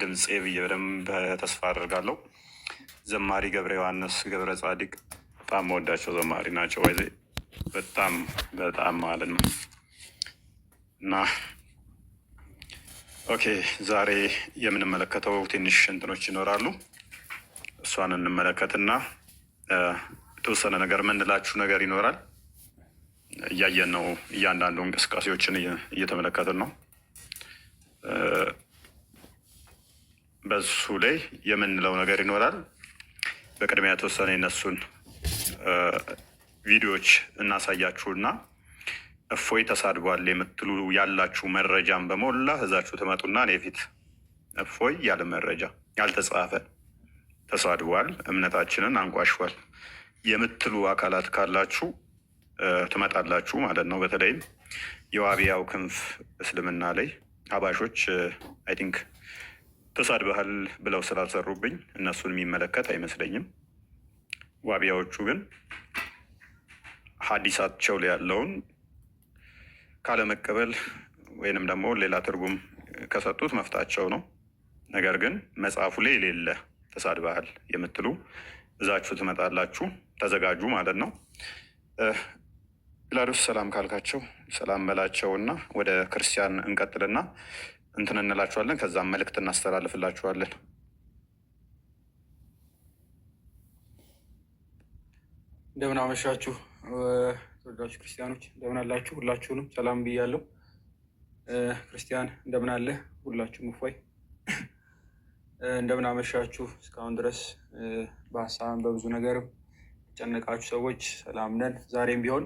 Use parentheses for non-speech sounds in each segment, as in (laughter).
ድምፄ ብዬ በደንብ ተስፋ አደርጋለሁ። ዘማሪ ገብረ ዮሐንስ ገብረ ጻዲቅ በጣም መወዳቸው ዘማሪ ናቸው። ይዜ በጣም በጣም ማለት ነው እና ኦኬ ዛሬ የምንመለከተው ትንሽ እንትኖች ይኖራሉ። እሷን እንመለከትና የተወሰነ ነገር የምንላችሁ ነገር ይኖራል። እያየን ነው። እያንዳንዱ እንቅስቃሴዎችን እየተመለከትን ነው። በሱ ላይ የምንለው ነገር ይኖራል። በቅድሚያ የተወሰነ የነሱን ቪዲዮዎች እናሳያችሁና እፎይ ተሳድቧል የምትሉ ያላችሁ መረጃም በሞላ እዛችሁ ትመጡና እኔ ፊት እፎይ ያለ መረጃ ያልተጻፈ ተሳድቧል፣ እምነታችንን አንቋሽል የምትሉ አካላት ካላችሁ ትመጣላችሁ ማለት ነው። በተለይም የዋቢያው ክንፍ እስልምና ላይ አባሾች አይ ቲንክ ተሳድበሃል ብለው ስላልሰሩብኝ እነሱን የሚመለከት አይመስለኝም። ዋቢያዎቹ ግን ሀዲሳቸው ላይ ያለውን ካለመቀበል ወይንም ደግሞ ሌላ ትርጉም ከሰጡት መፍታቸው ነው። ነገር ግን መጽሐፉ ላይ የሌለ ተሳድበሃል የምትሉ እዛችሁ ትመጣላችሁ። ተዘጋጁ ማለት ነው። ፒላዶስ ሰላም ካልካቸው ሰላም በላቸውና ወደ ክርስቲያን እንቀጥልና እንትን እንላችኋለን። ከዛም መልእክት እናስተላልፍላችኋለን። እንደምን አመሻችሁ ተወዳጆች ክርስቲያኖች፣ እንደምን አላችሁ? ሁላችሁንም ሰላም ብያለሁ። ክርስቲያን እንደምን አለ? ሁላችሁም እፎይ እንደምን አመሻችሁ። እስካሁን ድረስ በሀሳብም በብዙ ነገር የጨነቃችሁ ሰዎች ሰላም ነን። ዛሬም ቢሆን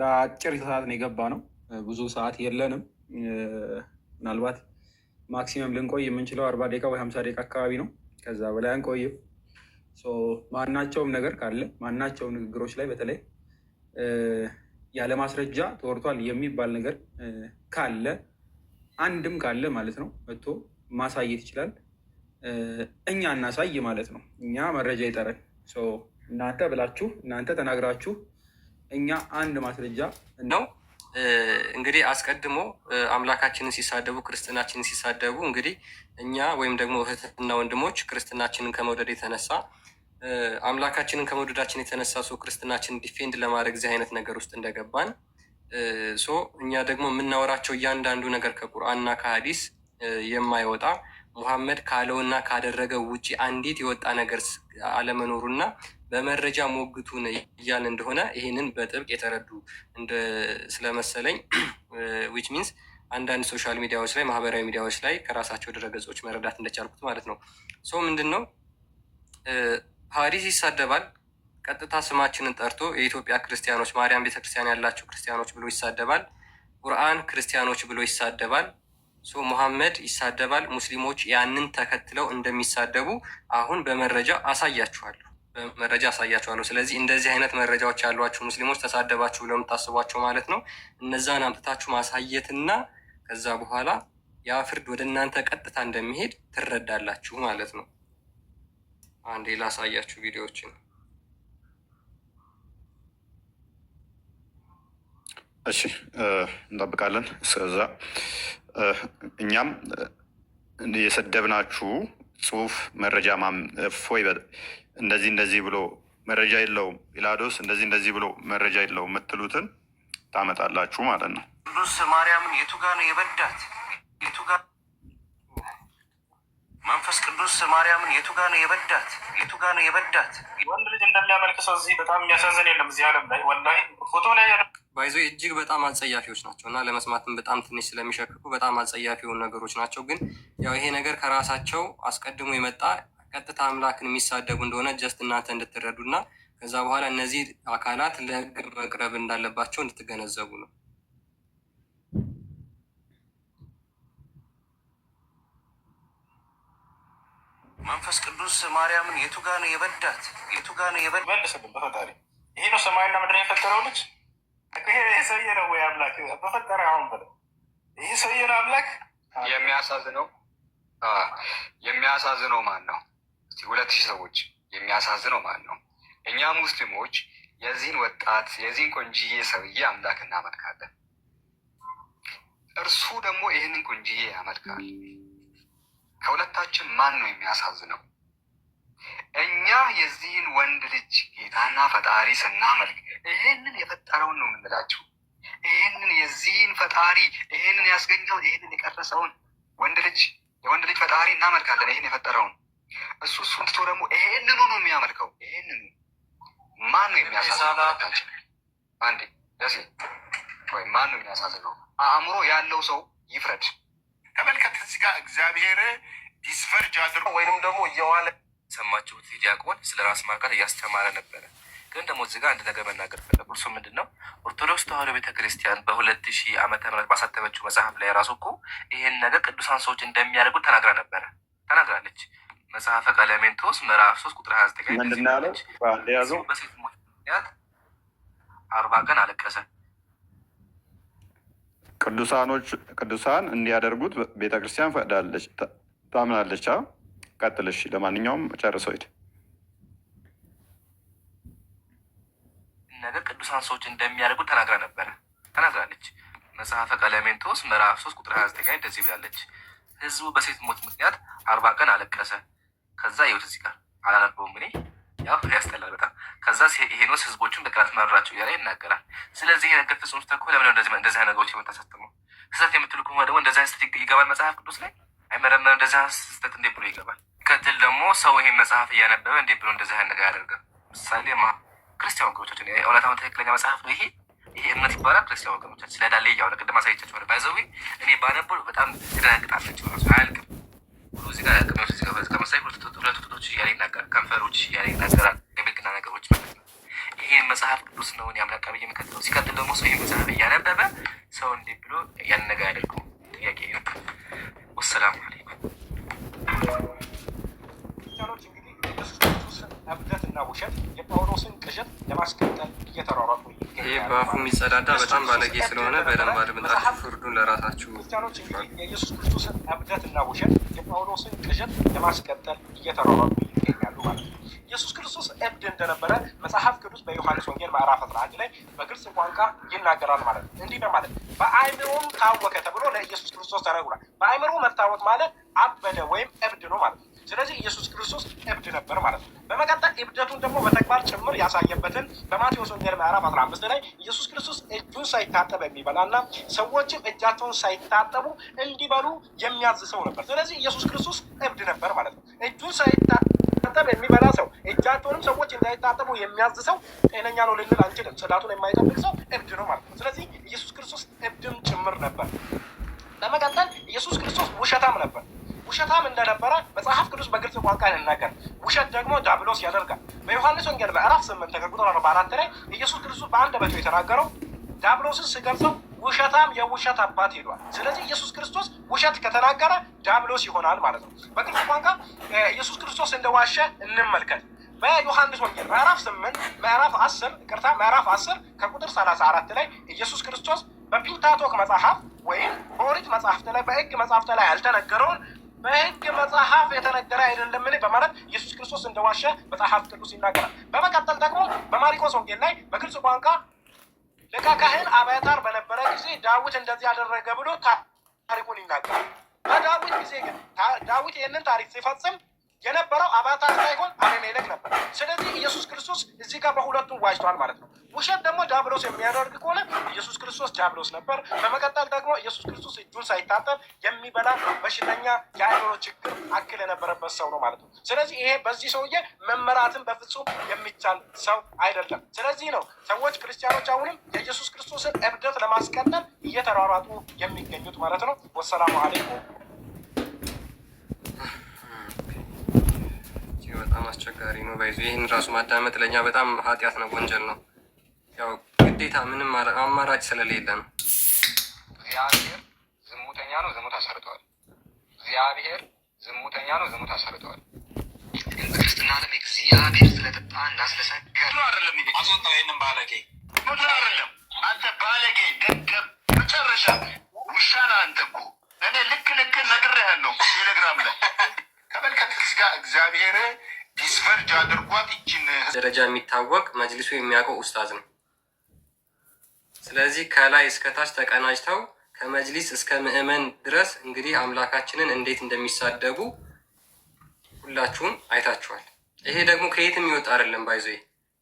ለአጭር ሰዓት ነው የገባ ነው፣ ብዙ ሰዓት የለንም። ምናልባት ማክሲመም ልንቆይ የምንችለው አርባ ደቂቃ ወይ ሀምሳ ደቂቃ አካባቢ ነው። ከዛ በላይ አንቆይም። ማናቸውም ነገር ካለ ማናቸው ንግግሮች ላይ በተለይ ያለማስረጃ ተወርቷል የሚባል ነገር ካለ አንድም ካለ ማለት ነው መጥቶ ማሳየት ይችላል። እኛ እናሳይ ማለት ነው። እኛ መረጃ ይጠረን እናንተ ብላችሁ እናንተ ተናግራችሁ እኛ አንድ ማስረጃ ነው እንግዲህ አስቀድሞ አምላካችንን ሲሳደቡ ክርስትናችንን ሲሳደቡ እንግዲህ እኛ ወይም ደግሞ እህትና ወንድሞች ክርስትናችንን ከመውደድ የተነሳ አምላካችንን ከመውደዳችን የተነሳ ሰው ክርስትናችንን ዲፌንድ ለማድረግ እዚህ አይነት ነገር ውስጥ እንደገባን ሶ እኛ ደግሞ የምናወራቸው እያንዳንዱ ነገር ከቁርአንና ከሀዲስ የማይወጣ ሙሐመድ ካለውና ካደረገው ውጭ አንዲት የወጣ ነገር አለመኖሩና በመረጃ ሞግቱን እያለ እንደሆነ ይህንን በጥብቅ የተረዱ ስለመሰለኝ ዊች (clears throat) ሚንስ አንዳንድ ሶሻል ሚዲያዎች ላይ ማህበራዊ ሚዲያዎች ላይ ከራሳቸው ድረገጾች መረዳት እንደቻልኩት ማለት ነው። ሰው ምንድን ነው ፓሪስ ይሳደባል። ቀጥታ ስማችንን ጠርቶ የኢትዮጵያ ክርስቲያኖች ማርያም ቤተክርስቲያን ያላቸው ክርስቲያኖች ብሎ ይሳደባል። ቁርአን ክርስቲያኖች ብሎ ይሳደባል። ሙሐመድ ይሳደባል። ሙስሊሞች ያንን ተከትለው እንደሚሳደቡ አሁን በመረጃ አሳያችኋለሁ መረጃ አሳያችኋለሁ። ስለዚህ እንደዚህ አይነት መረጃዎች ያሏችሁ ሙስሊሞች ተሳደባችሁ ብለው የምታስቧቸው ማለት ነው እነዛን አምጥታችሁ ማሳየትና ከዛ በኋላ ያ ፍርድ ወደ እናንተ ቀጥታ እንደሚሄድ ትረዳላችሁ ማለት ነው። አንዴ ላሳያችሁ ቪዲዮዎችን። እሺ እንጠብቃለን እስከዛ እኛም የሰደብናችሁ ጽሁፍ መረጃ እፎይ እንደዚህ እንደዚህ ብሎ መረጃ የለውም ኢላዶስ እንደዚህ እንደዚህ ብሎ መረጃ የለውም የምትሉትን ታመጣላችሁ ማለት ነው። ቅዱስ ማርያምን የቱ ጋ ነው የበዳት? የቱ ጋ መንፈስ ቅዱስ ማርያምን የቱ ጋ ነው የበዳት? የቱ ጋ ነው የበዳት? ወንድ ልጅ እንደሚያመልክ ሰው እዚህ በጣም የሚያሳዝን የለም እዚህ ዓለም ላይ ወላሂ ፎቶ ላይ ባይዞ እጅግ በጣም አጸያፊዎች ናቸው እና ለመስማትም በጣም ትንሽ ስለሚሸክፉ በጣም አጸያፊ የሆኑ ነገሮች ናቸው። ግን ያው ይሄ ነገር ከራሳቸው አስቀድሞ የመጣ ቀጥታ አምላክን የሚሳደቡ እንደሆነ ጀስት እናንተ እንድትረዱ እና ከዛ በኋላ እነዚህ አካላት ለሕግ መቅረብ እንዳለባቸው እንድትገነዘቡ ነው። መንፈስ ቅዱስ ማርያምን የቱ ጋ ነው የበዳት? የቱ ጋ ነው የበ መልስልን በፈጣሪ ይሄ ነው ሰማይና ምድር የፈጠረው ልጅ ይሄ ሰውዬ ነው ወይ አምላክ በፈጠረ አሁን ብለው ይህ ሰውዬ ነው አምላክ። የሚያሳዝነው የሚያሳዝነው ማን ነው? እስቲ ሁለት ሺህ ሰዎች የሚያሳዝነው ማን ነው? እኛ ሙስሊሞች የዚህን ወጣት የዚህን ቆንጅዬ ሰውዬ አምላክ እናመልካለን። እርሱ ደግሞ ይህንን ቆንጅዬ ያመልካል። ከሁለታችን ማን ነው የሚያሳዝነው? እኛ የዚህን ወንድ ልጅ ጌታና ፈጣሪ ስናመልክ ይህንን የፈጠረውን ነው የምንላቸው። ይህንን የዚህን ፈጣሪ ይህንን ያስገኘውን ይህንን የቀረሰውን ወንድ ልጅ የወንድ ልጅ ፈጣሪ እናመልካለን። ይህን የፈጠረውን እሱ እሱን ትቶ ደግሞ ይህንኑ ነው የሚያመልከው። ይህንን ማን ነው የሚያሳዝናቸው? አንዴ ደሴ ወይ ማን ነው የሚያሳዝነው? አእምሮ ያለው ሰው ይፍረድ። ተመልከት፣ እዚህ ጋር እግዚአብሔር ዲስፈርጅ አድርጎ ወይንም ደግሞ እየዋለ ሰማችሁት ዲያቆን ስለ ራስ ማርካት እያስተማረ ነበረ። ግን ደግሞ እዚህ ጋር አንድ ነገር መናገር ፈለጉ። እርሱ ምንድን ነው? ኦርቶዶክስ ተዋህዶ ቤተክርስቲያን በሁለት ሺህ ዓመተ ምህረት ባሳተመችው መጽሐፍ ላይ ራሱ እኮ ይህን ነገር ቅዱሳን ሰዎች እንደሚያደርጉት ተናግራ ነበረ ተናግራለች። መጽሐፈ ቀለሜንቶስ ምዕራፍ ሶስት ቁጥር ሀያ ዘጠኝ በሴት ሞት ምክንያት አርባ ቀን አለቀሰ። ቅዱሳኖች ቅዱሳን እንዲያደርጉት ቤተክርስቲያን ፈቅዳለች፣ ታምናለች። ቀጥልሽ። ለማንኛውም ጨርሰው ሄድ ነገር ቅዱሳን ሰዎች እንደሚያደርጉ ተናግራ ነበረ ተናግራለች። መጽሐፈ ቀለሜንቶስ ምዕራፍ ሶስት ቁጥር ሀያ ዘጠኝ እንደዚህ ብላለች። ህዝቡ በሴት ሞት ምክንያት አርባ ቀን አለቀሰ። ከዛ ይወት እዚህ ጋር አላነበውም እኔ ያው ያስጠላል በጣም ከዛ ሄኖስ ህዝቦቹን በቅናት መራቸው እያለ ይናገራል። ስለዚህ ይህ ነገር ፍጹም ስተኮ ለምን እንደዚህ ነገሮች የምታሳትመው ስህተት የምትልኩ ደግሞ እንደዚህ ስህተት ይገባል መጽሐፍ ቅዱስ ላይ አይመረመር እንደዚህ ስህተት እንዴት ብሎ ይገባል? ከትል ደግሞ ሰው ይሄን መጽሐፍ እያነበበ እንዴት ብሎ እንደዚህ ነገር ያደርገ? ምሳሌ ማ ክርስቲያን ወገኖቻችን እውነታማ ትክክለኛ መጽሐፍ ነው ይሄ ይሄ እምነት ይባላል። ክርስቲያን ወገኖቻችን ስለ ዳሌ እያሆነ ቅድም አሳይቻቸው ነበር። ባይዘዊ እኔ ባነበው በጣም ትደናግጣለች። ራሱ አያልቅም እዚህ ጋር ከመሳይ እያለ ይናገራል። ከንፈሮች እያለ ይናገራል። የብልግና ነገሮች ማለት ነው። ይሄን መጽሐፍ ቅዱስ ነው እኔ አምላክ ብዬ የምከተለው። ሲቀጥል ደግሞ ሰው መጽሐፍ እያነበበ ሰው እንዴት ብሎ ያን ነገር ጥያቄ ነው። ወሰላሙ አለይኩም። እንግዲህ ክርስቶስን እብደትና ውሸት የጳውሎስን ቅዠት ለማስቀጠል እየተሯሯጡ ይህ በአፉ የሚጸዳዳ በጣም ባለጌ ስለሆነ በደንብ አድምጣ ፍርዱን ለራሳችሁ። ክርስቲያኖች እንግዲህ የኢየሱስ ክርስቶስን እብደትና ውሸት የጳውሎስን ቅዠት ለማስቀጠል እየተሯሯጡ ይገኛሉ ማለት ነው። ኢየሱስ ክርስቶስ እብድ እንደነበረ መጽሐፍ ቅዱስ በዮሐንስ ወንጌል ምዕራፍ 11 ላይ በግልጽ ቋንቋ ይናገራል ማለት ነው። እንዲህ በማለት በአእምሮም ታወከ ተብሎ ለኢየሱስ ክርስቶስ ተነግሯል። በአእምሮ መታወቅ ማለት አበደ ወይም እብድ ነው ማለት ነው። ስለዚህ ኢየሱስ ክርስቶስ እብድ ነበር ማለት ነው። በመቀጠል እብደቱን ደግሞ በተግባር ጭምር ያሳየበትን በማቴዎስ ወንጌል ምዕራፍ 15 ላይ ኢየሱስ ክርስቶስ እጁን ሳይታጠብ የሚበላና ሰዎችም እጃቸውን ሳይታጠቡ እንዲበሉ የሚያዝ ሰው ነበር። ስለዚህ ኢየሱስ ክርስቶስ እብድ ነበር ማለት ነው። እጁን ሳይታ የሚታጠብ የሚበላ ሰው እጃቸውንም ሰዎች እንዳይታጠቡ የሚያዝ ሰው ጤነኛ ነው ልንል አንችልም። ጽዳቱን የማይጠብቅ ሰው እብድ ነው ማለት ነው። ስለዚህ ኢየሱስ ክርስቶስ እብድም ጭምር ነበር። ለመቀጠል ኢየሱስ ክርስቶስ ውሸታም ነበር። ውሸታም እንደነበረ መጽሐፍ ቅዱስ በግልጽ ቋንቋ ይናገር። ውሸት ደግሞ ዳብሎስ ያደርጋል። በዮሐንስ ወንጌል ምዕራፍ ስምንት ከቁጥር አርባ አራት ላይ ኢየሱስ ክርስቶስ በቶ የተናገረው ዳብሎስን ስገልጸው ውሸታም የውሸት አባት ሄዷል። ስለዚህ ኢየሱስ ክርስቶስ ውሸት ከተናገረ ዳብሎስ ይሆናል ማለት ነው። በግልጽ ቋንቋ ኢየሱስ ክርስቶስ እንደዋሸ እንመልከት። በዮሐንስ ወንጌል ምዕራፍ ስምንት ምዕራፍ አስር ቅርታ ምዕራፍ አስር ከቁጥር ሰላሳ አራት ላይ ኢየሱስ ክርስቶስ በፒንታቶክ መጽሐፍ ወይም በኦሪት መጽሐፍት ላይ በህግ መጽሐፍት ላይ ያልተነገረውን በህግ መጽሐፍ የተነገረ አይደለምን በማለት ኢየሱስ ክርስቶስ እንደዋሸ መጽሐፍ ቅዱስ ይናገራል። በመቀጠል ደግሞ በማሪቆስ ወንጌል ላይ በግልጽ ቋንቋ ሊቀ ካህን አብያታር በነበረ ጊዜ ዳዊት እንደዚህ ያደረገ ብሎ ታሪኩን ይናገራል። በዳዊት ጊዜ ግን ዳዊት ይህንን ታሪክ ሲፈጽም የነበረው አባታር ሳይሆን አቤሜሌክ ነበር። ስለዚህ ኢየሱስ ክርስቶስ እዚህ ጋር በሁለቱም ዋጅቷል ማለት ነው። ውሸት ደግሞ ዲያብሎስ የሚያደርግ ከሆነ ኢየሱስ ክርስቶስ ዲያብሎስ ነበር። በመቀጠል ደግሞ ኢየሱስ ክርስቶስ እጁን ሳይታጠብ የሚበላ በሽተኛ፣ የአእምሮ ችግር አክል የነበረበት ሰው ነው ማለት ነው። ስለዚህ ይሄ በዚህ ሰውዬ መመራትን በፍጹም የሚቻል ሰው አይደለም። ስለዚህ ነው ሰዎች ክርስቲያኖች አሁንም የኢየሱስ ክርስቶስን እብደት ለማስቀጠል እየተሯሯጡ የሚገኙት ማለት ነው። ወሰላሙ አሌይኩም በጣም አስቸጋሪ ነው። ባይዞ ይህን ራሱ ማዳመጥ ለእኛ በጣም ኃጢአት ነው፣ ወንጀል ነው። ያው ግዴታ ምንም አማራጭ ስለሌለ ነው። እግዚአብሔር ዝሙተኛ ነው፣ ዝሙት አሰርተዋል። እግዚአብሔር ዝሙተኛ ነው፣ ዝሙት አሰርተዋል። ዓለም እግዚአብሔር ስለጠጣ አይደለም። አስወጣ ይህንም ባለጌ አይደለም። አንተ ባለጌ መጨረሻ አንተ እኮ እኔ ልክ ልክ ቴሌግራም ላይ ከመልከት እግዚአብሔር ዲስፈርጅ አድርጓት ይችን ደረጃ የሚታወቅ መጅሊሱ የሚያውቀው ኡስታዝ ነው። ስለዚህ ከላይ እስከታች ተቀናጅተው ከመጅሊስ እስከ ምዕመን ድረስ እንግዲህ አምላካችንን እንዴት እንደሚሳደቡ ሁላችሁም አይታችኋል። ይሄ ደግሞ ከየት የሚወጣ አይደለም፣ ባይዞ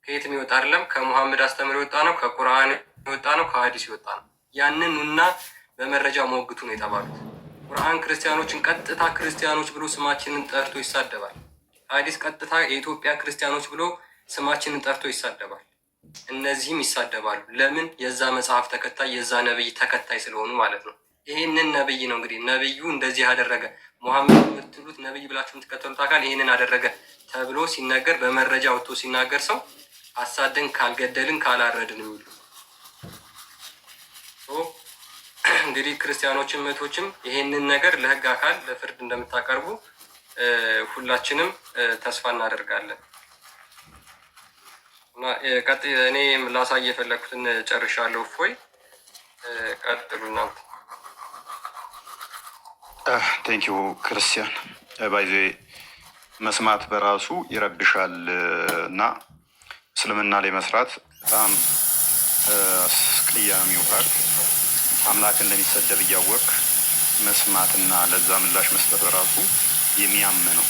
ከየት የሚወጣ አይደለም። ከሙሐመድ አስተምር የወጣ ነው፣ ከቁርአን የወጣ ነው፣ ከሀዲስ የወጣ ነው። ያንን ኑና በመረጃ ሞግቱ ነው የተባሉት። ቁርአን ክርስቲያኖችን ቀጥታ ክርስቲያኖች ብሎ ስማችንን ጠርቶ ይሳደባል። አዲስ ቀጥታ የኢትዮጵያ ክርስቲያኖች ብሎ ስማችንን ጠርቶ ይሳደባል። እነዚህም ይሳደባሉ። ለምን? የዛ መጽሐፍ ተከታይ የዛ ነብይ ተከታይ ስለሆኑ ማለት ነው። ይህንን ነብይ ነው እንግዲህ ነብዩ እንደዚህ አደረገ፣ ሙሐመድ የምትሉት ነብይ ብላችሁ የምትከተሉት አካል ይህንን አደረገ ተብሎ ሲነገር በመረጃ ወጥቶ ሲናገር ሰው አሳደን ካልገደልን ካላረድን የሚሉ እንግዲህ ክርስቲያኖችን እህቶችም ይህንን ነገር ለህግ አካል ለፍርድ እንደምታቀርቡ ሁላችንም ተስፋ እናደርጋለን። እኔ ላሳይ የፈለግኩትን ጨርሻለሁ። እፎይ ቀጥሉና ቴንኪ ክርስቲያን ባይዜ መስማት በራሱ ይረብሻል እና እስልምና ላይ መስራት በጣም አስቀያሚው ፓርት አምላክ እንደሚሰደብ እያወቅ መስማትና ለዛ ምላሽ መስጠት በራሱ የሚያምነው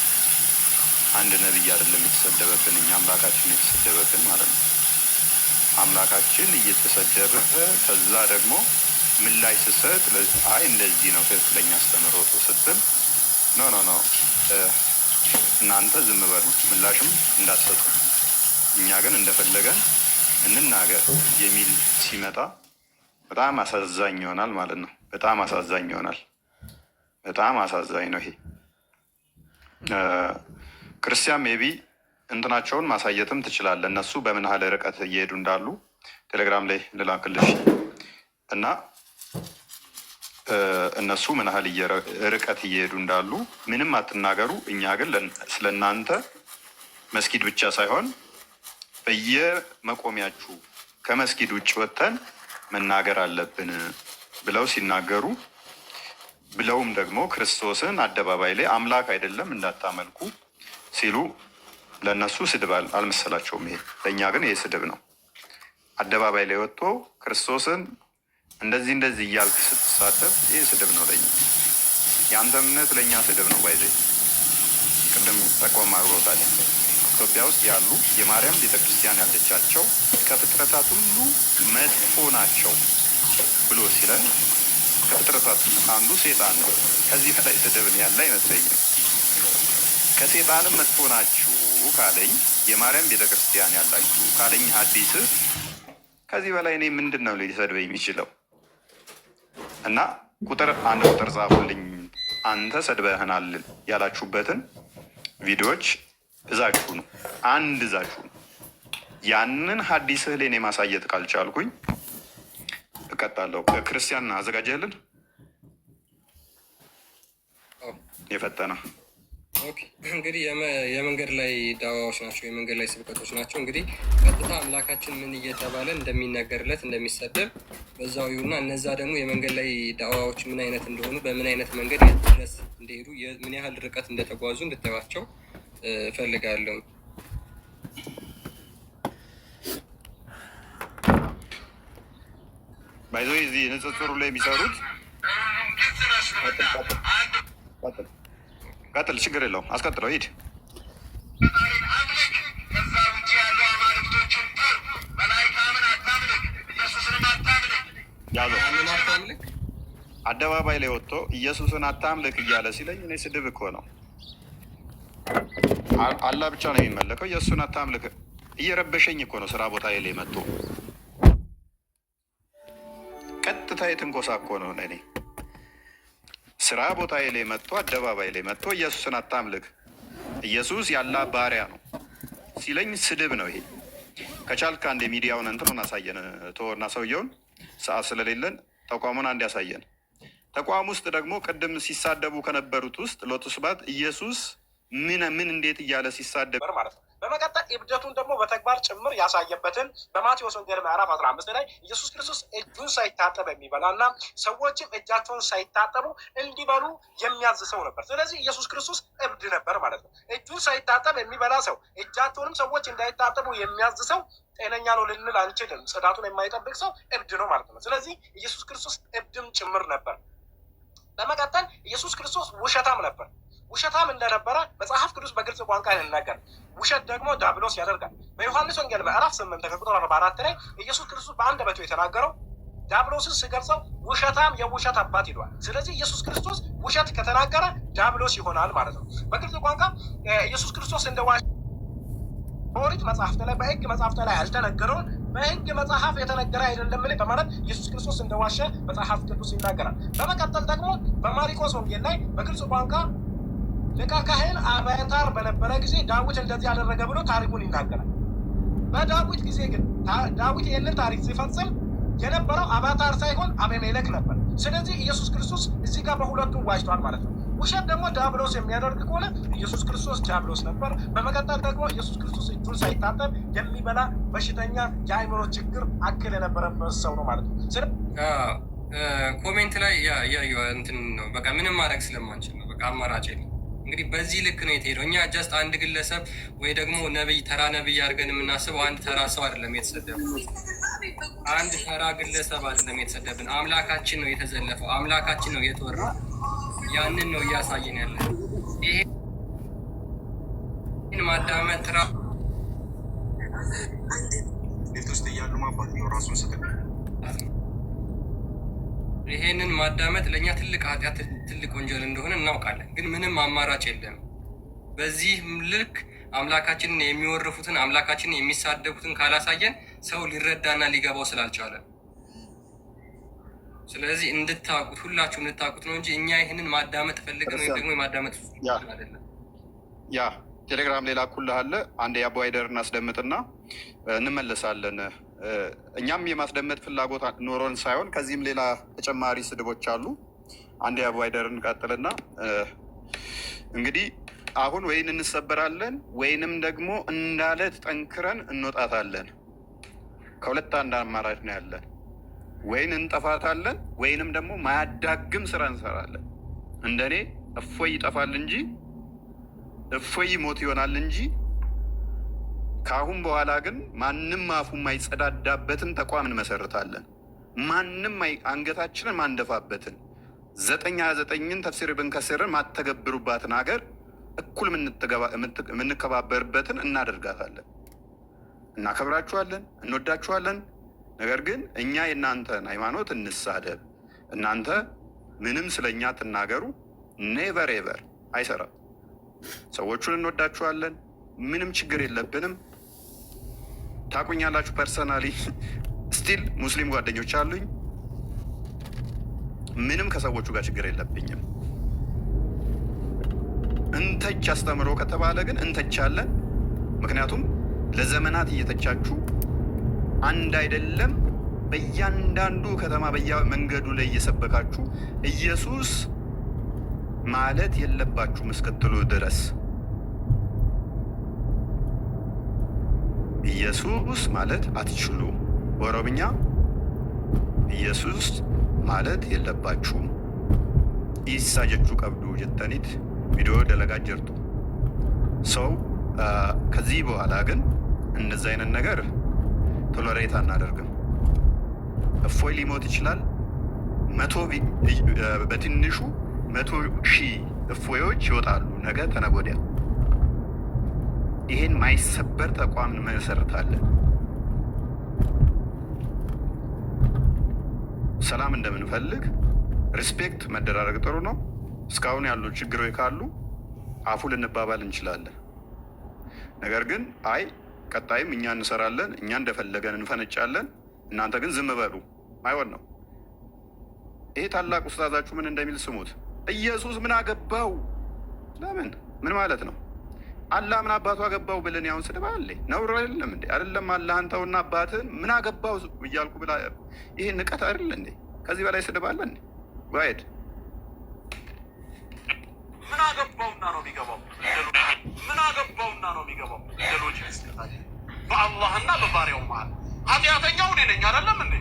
አንድ ነቢይ አይደለም የተሰደበብን፣ እኛ አምላካችን የተሰደበብን ማለት ነው። አምላካችን እየተሰደበ ከዛ ደግሞ ምን ላይ ስሰጥ አይ እንደዚህ ነው ትክክለኛ አስተምህሮቱ ስትል ኖ ኖ ኖ እናንተ ዝም በሉ ምላሽም እንዳትሰጡ እኛ ግን እንደፈለገን እንናገር የሚል ሲመጣ በጣም አሳዛኝ ይሆናል ማለት ነው። በጣም አሳዛኝ ይሆናል። በጣም አሳዛኝ ነው ይሄ። ክርስቲያን ሜቢ እንትናቸውን ማሳየትም ትችላለህ። እነሱ በምን ያህል ርቀት እየሄዱ እንዳሉ ቴሌግራም ላይ ልላክልሽ እና እነሱ ምን ያህል ርቀት እየሄዱ እንዳሉ ምንም አትናገሩ። እኛ ግን ስለ እናንተ መስጊድ ብቻ ሳይሆን በየመቆሚያችሁ ከመስጊድ ውጭ ወጥተን መናገር አለብን ብለው ሲናገሩ ብለውም ደግሞ ክርስቶስን አደባባይ ላይ አምላክ አይደለም እንዳታመልኩ ሲሉ ለእነሱ ስድብ አልመሰላቸውም። ይሄ ለእኛ ግን ይሄ ስድብ ነው። አደባባይ ላይ ወጥቶ ክርስቶስን እንደዚህ እንደዚህ እያልክ ስትሳተፍ ይህ ስድብ ነው ለኛ። የአንተ እምነት ለእኛ ስድብ ነው። ባይዘ ቅድም ጠቆም አድርጎታል። ኢትዮጵያ ውስጥ ያሉ የማርያም ቤተክርስቲያን ያለቻቸው ከፍጥረታት ሁሉ መጥፎ ናቸው ብሎ ሲለን ከፍጥረታት አንዱ ሴጣን ነው። ከዚህ በላይ ስድብን ያለ አይመስለኝም። ከሴጣንም መጥፎ ናችሁ ካለኝ የማርያም ቤተ ክርስቲያን ያላችሁ ካለኝ ሐዲስ ከዚህ በላይ እኔ ምንድን ነው ሊሰድበ የሚችለው? እና ቁጥር አንድ ቁጥር ጻፉልኝ። አንተ ሰድበህናል ያላችሁበትን ቪዲዮዎች እዛችሁ ነው አንድ እዛችሁ ነው። ያንን ሐዲስህ ለእኔ ማሳየት ካልቻልኩኝ እቀጣለሁ። ክርስቲያን አዘጋጀልን የፈጠነ እንግዲህ የመንገድ ላይ ዳዋዎች ናቸው፣ የመንገድ ላይ ስብከቶች ናቸው። እንግዲህ ቀጥታ አምላካችን ምን እየተባለ እንደሚነገርለት እንደሚሰደብ በዛው ይሁና። እነዛ ደግሞ የመንገድ ላይ ዳዋዎች ምን አይነት እንደሆኑ በምን አይነት መንገድ ድረስ እንደሄዱ ምን ያህል ርቀት እንደተጓዙ እንድታዩቸው እፈልጋለሁ። ባይዞ እዚህ ንጽጽሩ ላይ የሚሰሩት ቀጥል፣ ችግር የለውም አስቀጥለው ሂድ። አደባባይ ላይ ወጥቶ ኢየሱስን አታምልክ እያለ ሲለኝ እኔ ስድብ እኮ ነው። አላህ ብቻ ነው የሚመለከው። ኢየሱስን አታምልክ እየረበሸኝ እኮ ነው ስራ ቦታ ላይ መጥቶ ቀጥታ የትንኮሳ እኮ ነው። እኔ ስራ ቦታዬ ላይ መጥቶ አደባባይ ላይ መጥቶ ኢየሱስን አታምልክ፣ ኢየሱስ ያላ ባሪያ ነው ሲለኝ ስድብ ነው ይሄ። ከቻልክ አንድ የሚዲያውን እንትን እናሳየን ቶና ሰውየውን ሰዓት ስለሌለን ተቋሙን አንድ ያሳየን። ተቋም ውስጥ ደግሞ ቅድም ሲሳደቡ ከነበሩት ውስጥ ባት ኢየሱስ ምን ምን እንዴት እያለ ሲሳደብ ማለት ነው በመቀጠል እብደቱን ደግሞ በተግባር ጭምር ያሳየበትን በማቴዎስ ወንጌል ምዕራፍ አስራ አምስት ላይ ኢየሱስ ክርስቶስ እጁን ሳይታጠብ የሚበላና ሰዎችም እጃቸውን ሳይታጠቡ እንዲበሉ የሚያዝ ሰው ነበር። ስለዚህ ኢየሱስ ክርስቶስ እብድ ነበር ማለት ነው። እጁን ሳይታጠብ የሚበላ ሰው፣ እጃቸውንም ሰዎች እንዳይታጠቡ የሚያዝ ሰው ጤነኛ ነው ልንል አንችልም። ጽዳቱን የማይጠብቅ ሰው እብድ ነው ማለት ነው። ስለዚህ ኢየሱስ ክርስቶስ እብድም ጭምር ነበር። በመቀጠል ኢየሱስ ክርስቶስ ውሸታም ነበር። ውሸታም እንደነበረ መጽሐፍ ቅዱስ በግልጽ ቋንቋ ይናገር። ውሸት ደግሞ ዳብሎስ ያደርጋል። በዮሐንስ ወንጌል ምዕራፍ ስምንት ከቁጥር አርባ አራት ላይ ኢየሱስ ክርስቶስ በአንድ በአንደበቱ የተናገረው ዳብሎስን ስገልጸው ውሸታም የውሸት አባት ይሏል። ስለዚህ ኢየሱስ ክርስቶስ ውሸት ከተናገረ ዳብሎስ ይሆናል ማለት ነው። በግልጽ ቋንቋ ኢየሱስ ክርስቶስ እንደ ዋ በኦሪት መጽሐፍት ላይ በህግ መጽሐፍት ላይ ያልተነገረውን በህግ መጽሐፍ የተነገረ አይደለምን በማለት ኢየሱስ ክርስቶስ እንደዋሸ መጽሐፍ ቅዱስ ይናገራል። በመቀጠል ደግሞ በማሪቆስ ወንጌል ላይ በግልጽ ቋንቋ ሊቀ ካህን አብያታር በነበረ ጊዜ ዳዊት እንደዚህ ያደረገ ብሎ ታሪኩን ይናገራል። በዳዊት ጊዜ ግን ዳዊት ይህንን ታሪክ ሲፈጽም የነበረው አብያታር ሳይሆን አቤሜሌክ ነበር። ስለዚህ ኢየሱስ ክርስቶስ እዚህ ጋር በሁለቱ ዋጅቷል ማለት ነው። ውሸት ደግሞ ዲያብሎስ የሚያደርግ ከሆነ ኢየሱስ ክርስቶስ ዲያብሎስ ነበር። በመቀጠል ደግሞ ኢየሱስ ክርስቶስ እጁን ሳይታጠብ የሚበላ በሽተኛ የአእምሮ ችግር አክል የነበረበት ሰው ነው ማለት ነው። ኮሜንት ላይ ያ እንትን ነው። በቃ ምንም ማድረግ ስለማንችል ነው። በቃ አማራጭ የለም። እንግዲህ በዚህ ልክ ነው የተሄደው። እኛ ጀስት አንድ ግለሰብ ወይ ደግሞ ነብይ ተራ ነብይ አድርገን የምናስበው አንድ ተራ ሰው አይደለም የተሰደብን፣ አንድ ተራ ግለሰብ አይደለም የተሰደብን። አምላካችን ነው የተዘለፈው፣ አምላካችን ነው የተወራው። ያንን ነው እያሳየን ያለ። ይሄን ማዳመጥ ትራ ቤት ውስጥ እያሉ ማባት ነው ራሱን ስጥ ይሄንን ማዳመጥ ለእኛ ትልቅ ኃጢአት፣ ትልቅ ወንጀል እንደሆነ እናውቃለን። ግን ምንም አማራጭ የለም። በዚህ ልክ አምላካችንን የሚወርፉትን አምላካችንን የሚሳደቡትን ካላሳየን ሰው ሊረዳና ሊገባው ስላልቻለ ስለዚህ እንድታውቁት ሁላችሁ እንድታውቁት ነው እንጂ እኛ ይህንን ማዳመጥ ፈልገን ወይም ደግሞ የማዳመጥ አይደለም። ያ ቴሌግራም ሌላ ኩልህ አለ። አንድ የአቦይደር እናስደምጥና እንመለሳለን። እኛም የማስደመጥ ፍላጎት ኖሮን ሳይሆን ከዚህም ሌላ ተጨማሪ ስድቦች አሉ። አንድ የአቫይደርን ቀጥልና እንግዲህ አሁን ወይን እንሰበራለን ወይንም ደግሞ እንዳለት ጠንክረን እንወጣታለን። ከሁለት አንድ አማራጭ ነው ያለን። ወይን እንጠፋታለን ወይንም ደግሞ ማያዳግም ስራ እንሰራለን። እንደኔ እፎይ ይጠፋል እንጂ እፎይ ሞት ይሆናል እንጂ ከአሁን በኋላ ግን ማንም አፉ የማይጸዳዳበትን ተቋም እንመሰርታለን። ማንም አንገታችንን ማንደፋበትን ዘጠኝ ዘጠኝን ተፍሲር ብንከስርን ማተገብሩባትን ሀገር እኩል የምንከባበርበትን እናደርጋታለን። እናከብራችኋለን፣ እንወዳችኋለን። ነገር ግን እኛ የእናንተን ሃይማኖት እንሳደብ፣ እናንተ ምንም ስለኛ ትናገሩ፣ ኔቨር ኤቨር አይሰራም። ሰዎቹን እንወዳችኋለን። ምንም ችግር የለብንም። ታቁኛላችሁ። ፐርሰናሊ ስቲል ሙስሊም ጓደኞች አሉኝ። ምንም ከሰዎቹ ጋር ችግር የለብኝም። እንተች አስተምሮ ከተባለ ግን እንተች አለን ምክንያቱም ለዘመናት እየተቻችሁ አንድ አይደለም በእያንዳንዱ ከተማ በየመንገዱ ላይ እየሰበካችሁ ኢየሱስ ማለት የለባችሁም እስክትሉ ድረስ ኢየሱስ ማለት አትችሉ። በኦሮምኛ ኢየሱስ ማለት የለባችሁም። ኢሳ ጀቹ ቀብዱ ጀተኒት ቪዲዮ ደለጋጀርቱ ሰው ከዚህ በኋላ ግን እንደዚህ አይነት ነገር ቶለሬት አናደርግም። እፎይ ሊሞት ይችላል። መቶ በትንሹ መቶ ሺህ እፎዮች ይወጣሉ ነገ ተነጎዲያ ይህን ማይሰበር ተቋም መሰረታለን። ሰላም እንደምንፈልግ ሪስፔክት መደራረግ ጥሩ ነው። እስካሁን ያሉ ችግሮች ካሉ አፉ ልንባባል እንችላለን። ነገር ግን አይ ቀጣይም እኛ እንሰራለን፣ እኛ እንደፈለገን እንፈነጫለን፣ እናንተ ግን ዝም በሉ አይሆን ነው። ይሄ ታላቅ ውስጣዛችሁ ምን እንደሚል ስሙት። ኢየሱስ ምን አገባው? ለምን ምን ማለት ነው? አላህ ምን አባቱ አገባው ብለን ያሁን ስድብ አለ ነውር አይደለም እንዴ? አይደለም አላህን አንተውና አባትህን ምን አገባው እያልኩ ብላ ይሄ ንቀት አይደለ እንዴ? ከዚህ በላይ ስድብ አለ እንዴ? ዋይድ ምን አገባውና ነው የሚገባው? ምን አገባውና ነው የሚገባው? ሌሎች ስቅታል በአላህና በባሪያው መሀል ኃጢአተኛው እኔ ነኝ አይደለም እንዴ?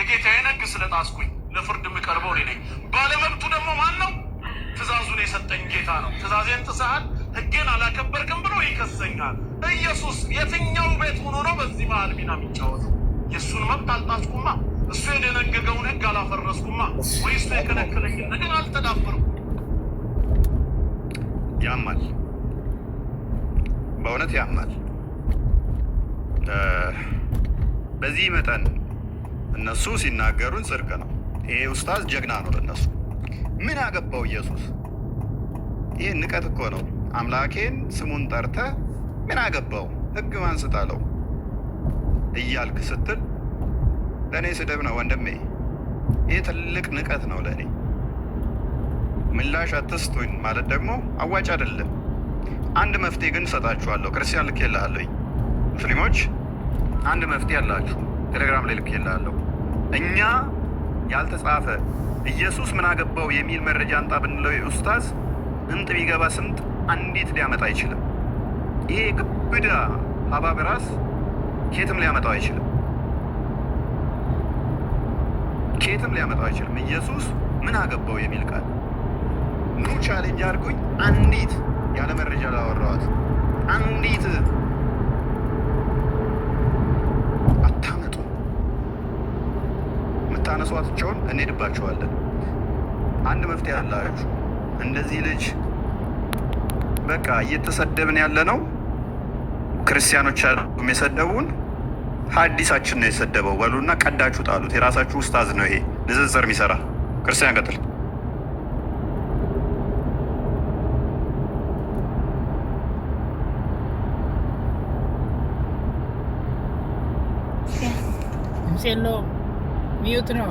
የጌታዬን ሕግ ስለጣስኩኝ ለፍርድ የምቀርበው እኔ ነኝ። ባለመብቱ ደግሞ ማን ነው? ትእዛዙን የሰጠኝ ጌታ ነው። ትእዛዜን ጥሰሃል ህግን አላከበርክም ብሎ ይከሰኛል። ኢየሱስ የትኛው ቤት ሆኖ ነው በዚህ መሀል ሚና የሚጫወተው? የእሱን መብት አልጣስኩማ፣ እሱ የደነገገውን ህግ አላፈረስኩማ፣ ወይ እሱ የከለከለኝን ነገር አልተዳፈርኩም። ያማል፣ በእውነት ያማል። በዚህ መጠን እነሱ ሲናገሩን ጽድቅ ነው። ይሄ ኡስታዝ ጀግና ነው። ለእነሱ ምን አገባው ኢየሱስ? ይህ ንቀት እኮ ነው። አምላኬን ስሙን ጠርተ ምን አገባው ህግ ማንስጣለው እያልክ ስትል ለእኔ ስድብ ነው ወንድሜ። ይህ ትልቅ ንቀት ነው ለእኔ። ምላሽ አትስጡኝ ማለት ደግሞ አዋጭ አይደለም። አንድ መፍትሄ ግን እሰጣችኋለሁ። ክርስቲያን የላለኝ ሙስሊሞች አንድ መፍትሄ አላችሁ። ቴሌግራም ላይ ልክ የላለሁ እኛ ያልተጻፈ ኢየሱስ ምን አገባው የሚል መረጃ አንጣ ብንለው ኡስታዝ እንጥ ቢገባ ስምጥ እንዴት ሊያመጣ አይችልም። ይሄ ግብዳ ሀባብ ራስ ኬትም ሊያመጣው አይችልም። ኬትም ሊያመጣው አይችልም። ኢየሱስ ምን አገባው የሚል ቃል ኑ ቻሌንጅ አድርጎኝ አንዲት ያለ መረጃ ላወራዋት አንዲት አታመጡ የምታነሷት ቸውን እንሄድባቸዋለን። አንድ መፍትሄ አላችሁ እንደዚህ ልጅ በቃ እየተሰደብን ያለ ነው። ክርስቲያኖች አሉ የሰደቡን፣ ሀዲሳችን ነው የሰደበው በሉና ቀዳችሁ ጣሉት። የራሳችሁ ውስታዝ ነው ይሄ ንዝዝር የሚሰራ ክርስቲያን። ቀጥል የለውም ሚዩት ነው።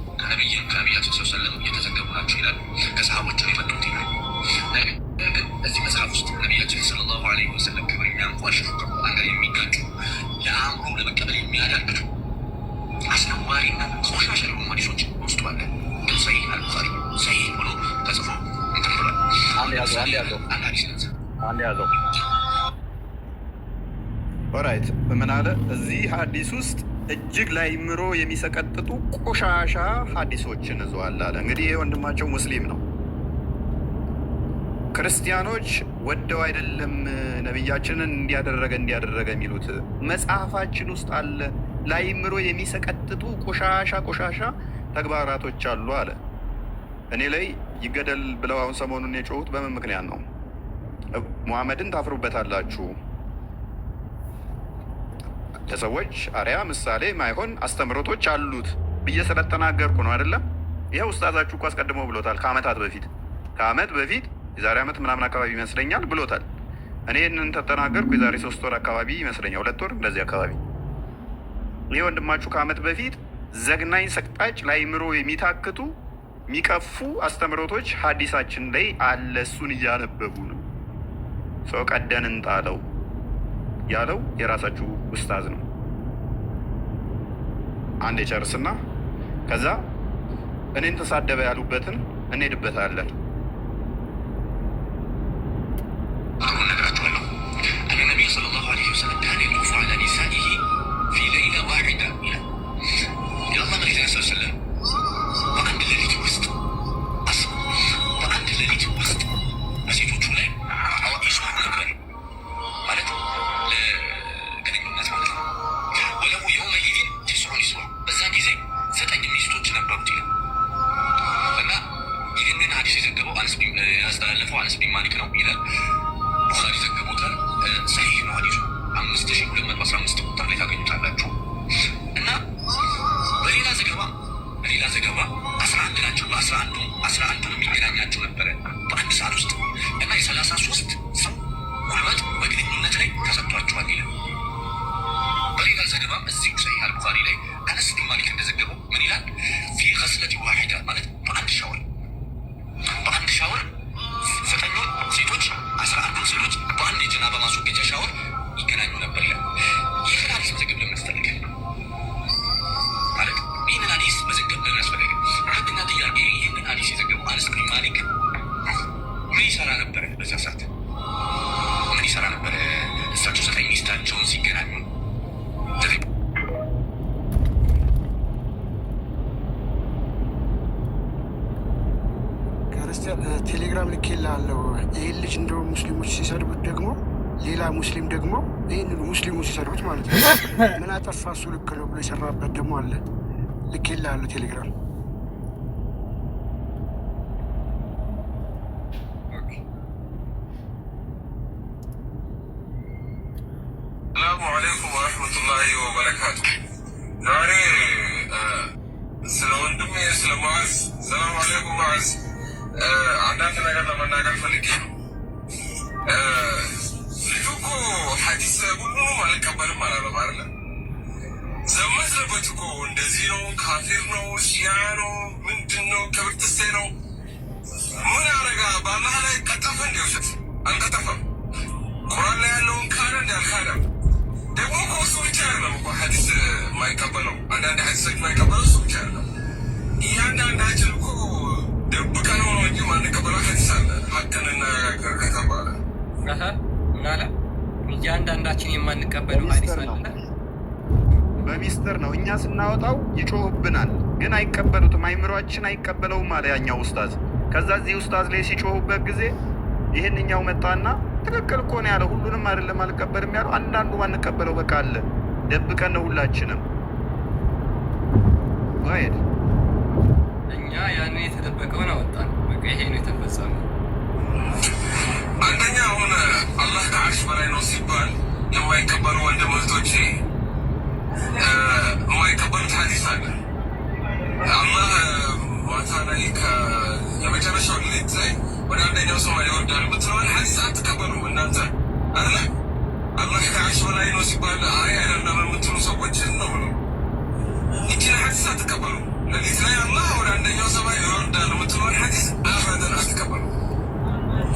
ነቢይ ከነቢያችን ሰው ሰለም የተዘገቡ ናቸው ይላሉ። ከሰሃቦች የፈጡት ይላል። ነገር ግን መጽሐፍ ውስጥ ነቢያችን ሰለላሁ ዐለይሂ ወሰለም ክብርና አንቋሸሹ ከቁርአን ጋር የሚጋጩ ለአእምሮ ለመቀበል የሚያዳግዱ አስነዋሪና ቆሻሻ የሆኑ ሀዲሶች ውስጡ አለ። ሰይ አልቡኻሪ ሰይ ሆኖ ተጽፎ ተብሏል። አንድ ኦራይት ምን አለ እዚህ ሀዲስ ውስጥ እጅግ ለአእምሮ የሚሰቀጥጡ ቆሻሻ ሀዲሶችን እዘዋል አለ። እንግዲህ ይህ ወንድማቸው ሙስሊም ነው። ክርስቲያኖች ወደው አይደለም ነቢያችንን እንዲያደረገ እንዲያደረገ የሚሉት መጽሐፋችን ውስጥ አለ። ለአእምሮ የሚሰቀጥጡ ቆሻሻ ቆሻሻ ተግባራቶች አሉ አለ። እኔ ላይ ይገደል ብለው አሁን ሰሞኑን የጮሁት በምን ምክንያት ነው? ሙሐመድን ታፍሩበታላችሁ ለሰዎች አርያ ምሳሌ ማይሆን አስተምሮቶች አሉት ብዬ ስለተናገርኩ ነው አይደለም። ይሄ ውስጣዛችሁ እኮ አስቀድሞ ብሎታል። ከአመታት በፊት ከአመት በፊት የዛሬ አመት ምናምን አካባቢ ይመስለኛል ብሎታል። እኔ ይህንን ተተናገርኩ የዛሬ ሶስት ወር አካባቢ ይመስለኛል፣ ሁለት ወር እንደዚህ አካባቢ። ይሄ ወንድማችሁ ከአመት በፊት ዘግናኝ፣ ሰቅጣጭ፣ ለአእምሮ የሚታክቱ የሚቀፉ አስተምሮቶች ሀዲሳችን ላይ አለ። እሱን እያነበቡ ነው ሰው ቀደን እንጣለው ያለው የራሳችሁ ውስታዝ ነው። አንድ የጨርስና ከዛ እኔን ተሳደበ ያሉበትን እንሄድበታለን። አሰላሙ አለይኩም ወረህመቱላሂ ወበረካቱ። ዛሬ ስለ ወንድሜ ስለ ሙአዝ ሰላሙ አለይኩም ሙአዝ፣ አንዳንድ ነገር ለመናገር ፈልጌ ነው። ልጁ እኮ ሐዲስ ሁሉንም አልቀበልም አላለም አለ። ዘመትበት እኮ እንደዚህ ነው፣ ካፊር ነው፣ ሺያ ነው፣ ምንድን ነው፣ ክብርትሴ ነው። ምን አረጋ በአላህ ላይ ቀጠፈ? እንዲውሸት አልቀጠፈም። ቁርአን ላይ ያለውን ካደ እንዲ አልካደም ደግሞ እሱ ብቻ አይደለም እኮ ሐዲስ የማይቀበለው አንዳንድ ሐዲሶች የማይቀበለው እሱ ብቻ አይደለም። እያንዳንዳችን እኮ ደብቀነው ነው እንጂ ማንቀበለው ሐዲስ አለ። ሀቅን እንነጋገር ከተባለ ምናለ እያንዳንዳችን የማንቀበለው ሐዲስ አለ። በሚስጥር ነው እኛ ስናወጣው ይጮህብናል፣ ግን አይቀበሉትም። አይምሯችን አይቀበለውም አለ ያኛው ኡስታዝ። ከዛ እዚህ ኡስታዝ ላይ ሲጮሁበት ጊዜ ይህንኛው መጣና ትክክል እኮ ነው ያለው። ሁሉንም አይደለም አልቀበልም ያለው፣ አንዳንዱ ማንቀበለው በቃ አለ። ደብቀን ነው ሁላችንም ጓሄድ እኛ ያኔ የተደበቀውን አወጣን። በቃ ይሄ ነው የተፈጸመው። አንደኛ አሁን አላህ ከአርሽ በላይ ነው ሲባል የማይቀበሉ ወንድም እህቶቼ የማይቀበሉት ሀዲስ አለ። አላህ ማታ ላይ የመጨረሻው ሌሊት ላይ ወደ አንደኛው ሰማይ ይወርዳል ምትለዋል ሀዲስ አትቀበሉም እናንተ አለ አላህ ከአርሽ በላይ ነው ሲባል አይ አይደለም የምትሉ ሰዎች ነው ነው ይችን ሀዲስ አትቀበሉ። ሌሊት ላይ አላህ ወደ አንደኛው ሰማይ ይወርዳል ምትለዋል ሀዲስ አበደን አትቀበሉ።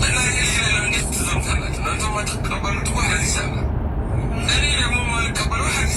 እና ሌሊት ላይ እንዴት ትዘምታላችሁ እናንተ? ማትቀበሉት ሀዲስ አለ እኔ ደግሞ ማልቀበለው ሀዲስ